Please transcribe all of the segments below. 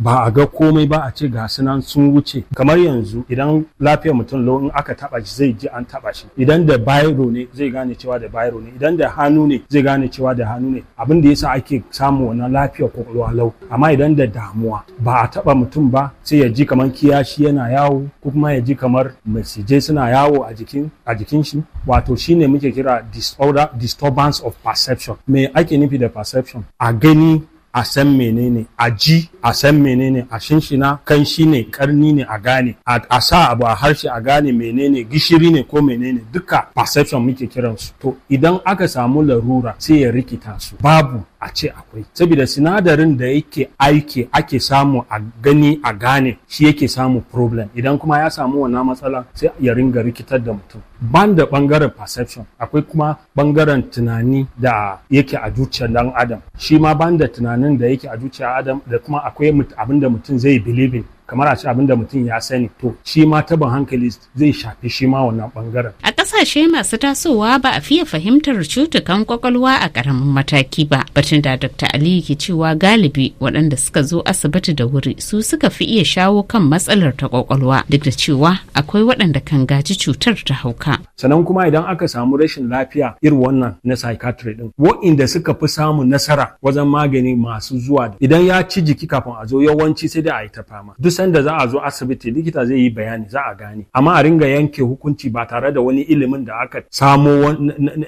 ba a ga komai ba a ce ga sunan sun wuce kamar yanzu idan lafiyar mutum lo in aka taba shi zai ji an taba shi idan da bayro ne zai gane cewa da bayro ne idan da hannu ne zai gane cewa da hannu ne abin da yasa ake samu wannan lafiyar kwakwalwa lau amma idan da damuwa ba a taba mutum ba sai ya ji kamar kiyashi yana yawo ko kuma ya ji kamar masijai suna yawo a jikin a jikin shi wato shine muke kira disorder disturbance of perception me ake nufi da perception a gani a san menene a ji a san menene a shinshina kan shi ne karni ne a gane a sa abu a harshe a gane menene gishiri ne ko menene duka perception muke kiransu to idan aka samu larura sai ya rikita su babu a ce akwai saboda sinadarin da yake aiki ake samu a gani a gane shi yake samu problem idan kuma ya samu wannan matsala sai ya ringa rikitar da mutum ban da bangaren perception akwai kuma bangaren tunani da yake a zuciyar dan adam shi ma ban da tunanin da yake a zuciyar adam da kuma akwai abin da mutum zai believing kamar a ci abinda mutum ya sani to shi ma taban hankali zai shafi shi ma wannan bangaren. A kasashe masu tasowa ba a fiye fahimtar cutukan kwakwalwa a karamin mataki ba. Batun da Dr. Ali ke cewa galibi waɗanda suka zo asibiti da wuri su suka fi iya shawo kan matsalar ta kwakwalwa duk da cewa akwai waɗanda kan gaji cutar ta hauka. Sannan kuma idan aka samu rashin lafiya irin wannan na psychiatry din waɗanda suka fi samun nasara wajen magani masu zuwa idan ya ci jiki kafin a zo yawanci sai da a yi ta fama. sanda za a zo asibiti likita zai yi bayani za a gane amma a ringa yanke hukunci ba tare da wani ilimin da aka samo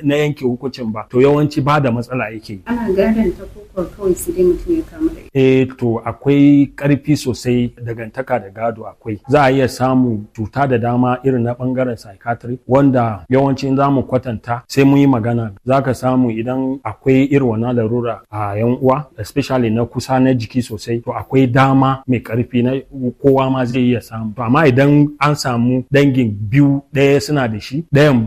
na yanke hukuncin ba to yawanci ba da matsala yake ana gadon ta kawai su dai mutum ya kamu da eh to akwai karfi sosai dagantaka da gado akwai za a iya samu cuta da dama irin na bangaren psychiatry wanda yawanci in mu kwatanta sai mun yi magana Za ka samu idan akwai irin wannan larura a yan uwa especially na kusa na jiki sosai to akwai dama mai karfi na kowa ma zai iya samu amma idan an samu dangin biyu ɗaya suna da shi ɗayan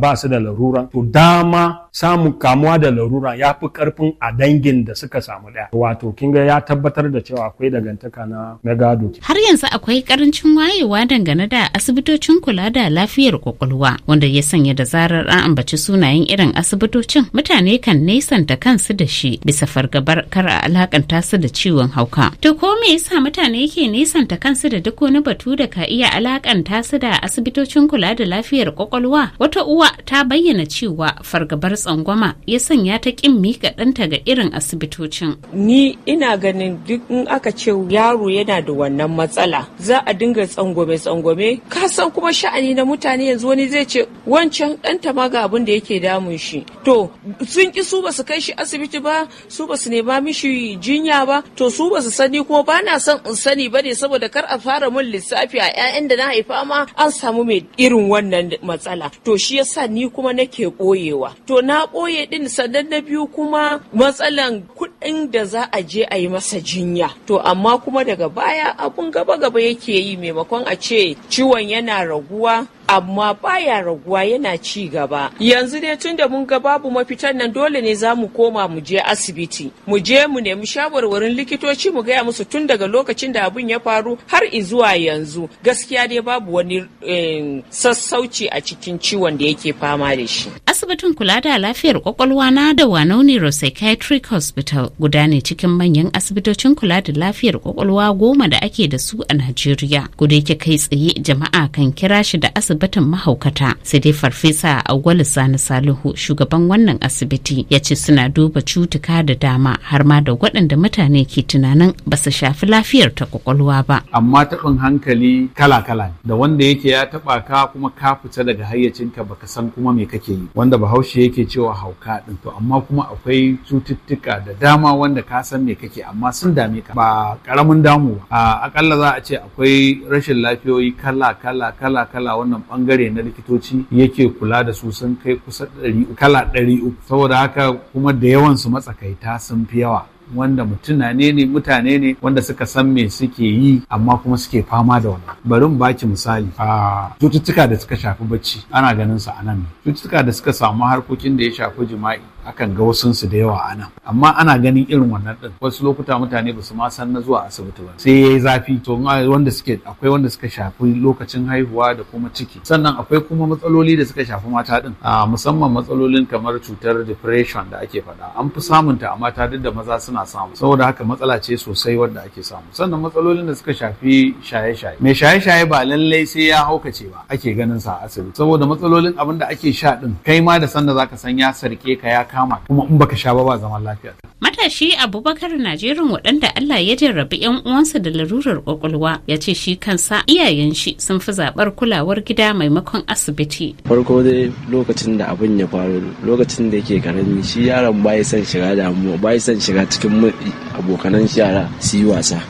ba su da larura to dama samun kamuwa da larura ya fi karfin a dangin da suka samu ɗaya wato kinga ya tabbatar da cewa akwai dangantaka na megado har yanzu akwai karancin wayewa dangane da asibitocin kula da lafiyar kwakwalwa wanda ya sanya da zarar an ambaci sunayen irin asibitocin mutane kan nesanta kansu da shi bisa fargabar kar a alakanta su da ciwon hauka to ko me yasa mutane ke nesanta kansu da duk wani batu da ka iya alakanta su da asibitocin kula da lafiyar kwakwalwa wata uwa ta bayyana cewa fargabar tsangwama ya sanya ta ƙin miƙa ɗanta ga irin asibitocin. Ni ina ganin duk in aka ce yaro yana da wannan matsala za a dinga tsangwame-tsangwame kasan kuma sha'ani na mutane yanzu wani zai ce wancan ɗanta ma ga abin da yake damun shi. To sun ki su basu kai shi asibiti ba su basu ne ba mishi jinya ba to su basu sani kuma ba na son in sani bane saboda kar a fara mun lissafi a 'ya'yan da na haifa ma an samu mai irin wannan matsala to shi yasa ni kuma nake ɓoyewa to na na ɓoye ɗin sannan na biyu kuma matsalan kuɗin da za a je a yi masa jinya to amma kuma daga baya abun gaba-gaba yake yi maimakon a ce ciwon yana raguwa amma baya raguwa yana ci gaba yanzu dai tun da mun ga babu mafitan nan dole ne za mu koma mu je asibiti mu je mu nemi shawarwarin likitoci mu gaya musu tun daga lokacin da abin ya faru har izuwa yanzu gaskiya dai babu wani eh, sassauci a cikin ciwon da yake fama da shi asibitin kula da lafiyar kwakwalwa na da Wanau Neuropsychiatric Hospital guda ne cikin manyan asibitocin kula da lafiyar kwakwalwa goma da ake da su a Najeriya. Guda yake kai tsaye jama'a kan kira shi da asibitin mahaukata. Sai dai Farfesa Auwalu Sani Salihu shugaban wannan asibiti ya ce suna duba cutuka da dama har ma da waɗanda mutane ke tunanin ba su shafi lafiyar ta kwakwalwa ba. Amma taɓin hankali kala-kala da wanda yake ya taɓa ka kuma ka fita daga hayyacinka baka san kuma me kake yi. da bahaushe yake cewa hauka ɗin to amma kuma akwai cututtuka da dama wanda ka san me kake amma sun dame ka ba karamin damu ba akalla za a ce akwai rashin lafiyoyi kala kala kala kala wannan bangare na likitoci yake kula da su sun kai kusa ɗari kala ɗari uku saboda haka kuma da yawan su matsakaita sun fi yawa wanda mutuna ne mutane ne wanda suka san me suke yi amma kuma suke fama da wannan bari mu baki misali a cututtuka da suka shafi bacci ana ganin su a nan cututtuka da suka samu harkokin da ya shafi jima'i akan ga su da yawa anan amma ana ganin irin wannan din wasu lokuta mutane ba su ma san na zuwa asibiti ba sai yayi zafi to wanda suke akwai wanda suka shafi lokacin haihuwa da kuma ciki sannan akwai kuma matsaloli da suka shafi mata din a musamman matsalolin kamar cutar depression da ake faɗa an fi samun ta a mata duk da maza suna samu saboda haka matsala ce sosai wadda ake samu sannan matsalolin da suka shafi shaye-shaye mai shaye-shaye ba lallai sai ya haukace ba ake ganin sa a asibiti saboda matsalolin abin da ake sha din kai ma da sanda zaka san ya sarke ka ya kama kuma in baka sha ba ba zaman lafiya matashi abubakar najeriya waɗanda allah ya jarrabi yan uwansa da larurar kwakwalwa ya ce shi kansa iyayen shi sun fi zaɓar kulawar gida maimakon asibiti farko dai lokacin da abin ya faru lokacin da yake karami shi yaron baya son shiga damuwa baya son shiga cikin abokanan shara su yi wasa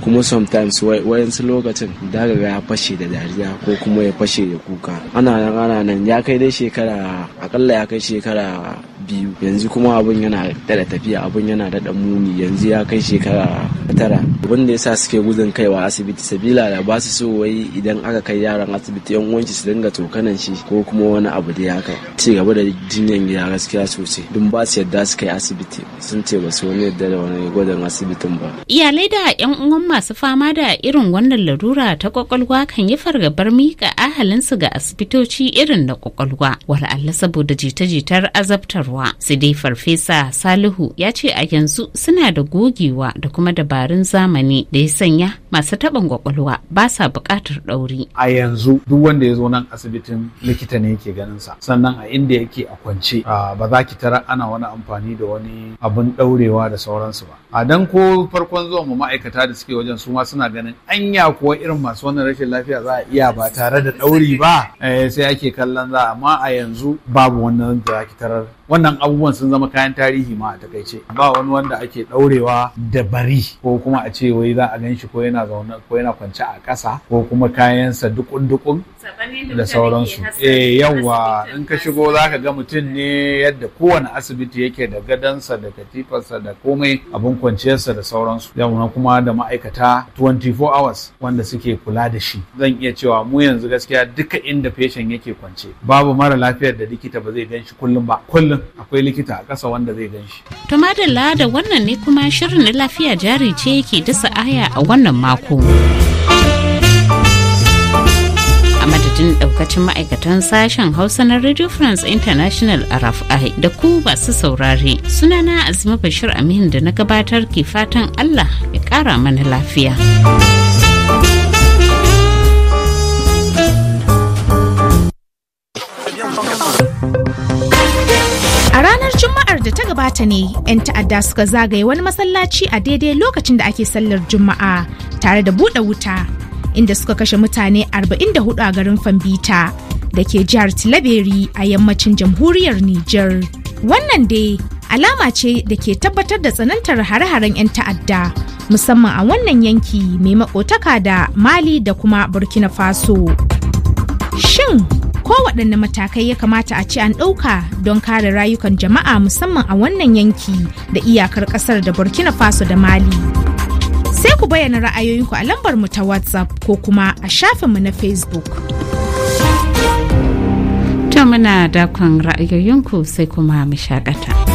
kuma sometimes wayansu lokacin daga ya fashe da dariya ko kuma ya fashe da kuka ana nan ana nan ya kai dai shekara akalla ya kai shekara biyu yanzu kuma abun yana daɗa tafiya abun yana daɗa muni yanzu ya kai shekara tara wanda sa suke gudun kaiwa asibiti sabila da ba su so wai idan aka kai yaran asibiti yan uwanci su dinga tokanan shi ko kuma wani abu da ya kai ci gaba da jinyan gida gaskiya sosai dun ba su yadda su kai asibiti sun ce ba su wani yadda da wani gwajin asibitin ba iyalai da yan uwan masu fama da irin wannan larura ta kwakwalwa kan yi fargabar ahalin ahalinsu ga asibitoci irin na kwakwalwa Allah saboda jita-jitar azabtarwa sai dai farfesa salihu ya ce a yanzu suna da gogewa da kuma da dabaru dabarun zamani da ya sanya masu taɓin kwakwalwa ba sa buƙatar ɗauri. A yanzu duk wanda ya zo nan asibitin likita ne yake ganin sa sannan a inda yake a kwance ba za ki tara ana wani amfani da wani abin ɗaurewa da sauransu ba. A dan ko farkon zuwan mu ma'aikata da suke wajen su ma suna ganin anya kuwa irin masu wannan rashin lafiya za a iya ba tare da ɗauri ba eh, sai ake kallon za amma a yanzu babu wannan da za ki tarar wannan abubuwan sun zama kayan tarihi ma a takaice ba wani wanda ake daurewa da bari ko kuma a ce wai za a gan shi ko yana ko yana kwance a ƙasa ko kuma kayansa dukun dukun da sauransu eh yawa in ka shigo za ka ga mutum ne yadda kowane asibiti yake da gadansa da katifarsa da komai abin kwanciyarsa da sauransu yawa kuma da ma'aikata 24 hours wanda suke kula da shi zan iya cewa mu yanzu gaskiya duka inda feshin yake kwance babu mara lafiyar da likita ba zai gan shi kullum ba kullum akwai likita a ƙasa wanda zai gan shi to madalla da wannan ne kuma shirin na lafiya jari ce yake dasa aya a wannan mako. madadin daukacin ma'aikatan sashen hausa na radio france international rfi da ku masu saurare sunana azuma bashir amin da na gabatar ke fatan allah ya kara mana lafiya. A ranar Juma'ar da ta gabata ne, 'yan ta'adda suka zagaye wani masallaci a daidai lokacin da ake sallar Juma'a tare da buɗe wuta. inda suka kashe mutane 44 a garin Fambita da ke jihar Tilaberi a yammacin jamhuriyar Nijar. Wannan dai alama ce da ke tabbatar da tsanantar hare-haren 'yan ta'adda musamman a wannan yanki mai makotaka da Mali da kuma Burkina Faso. Shin ko waɗanne matakai ya kamata a ci an ɗauka don kare rayukan jama'a musamman a wannan yanki da iyakar ƙasar da Burkina Faso da Mali. Sai ku bayyana ra'ayoyinku a lambar mu ta WhatsApp ko kuma a mu na Facebook. To muna dakon ra'ayoyinku sai kuma mu shakata.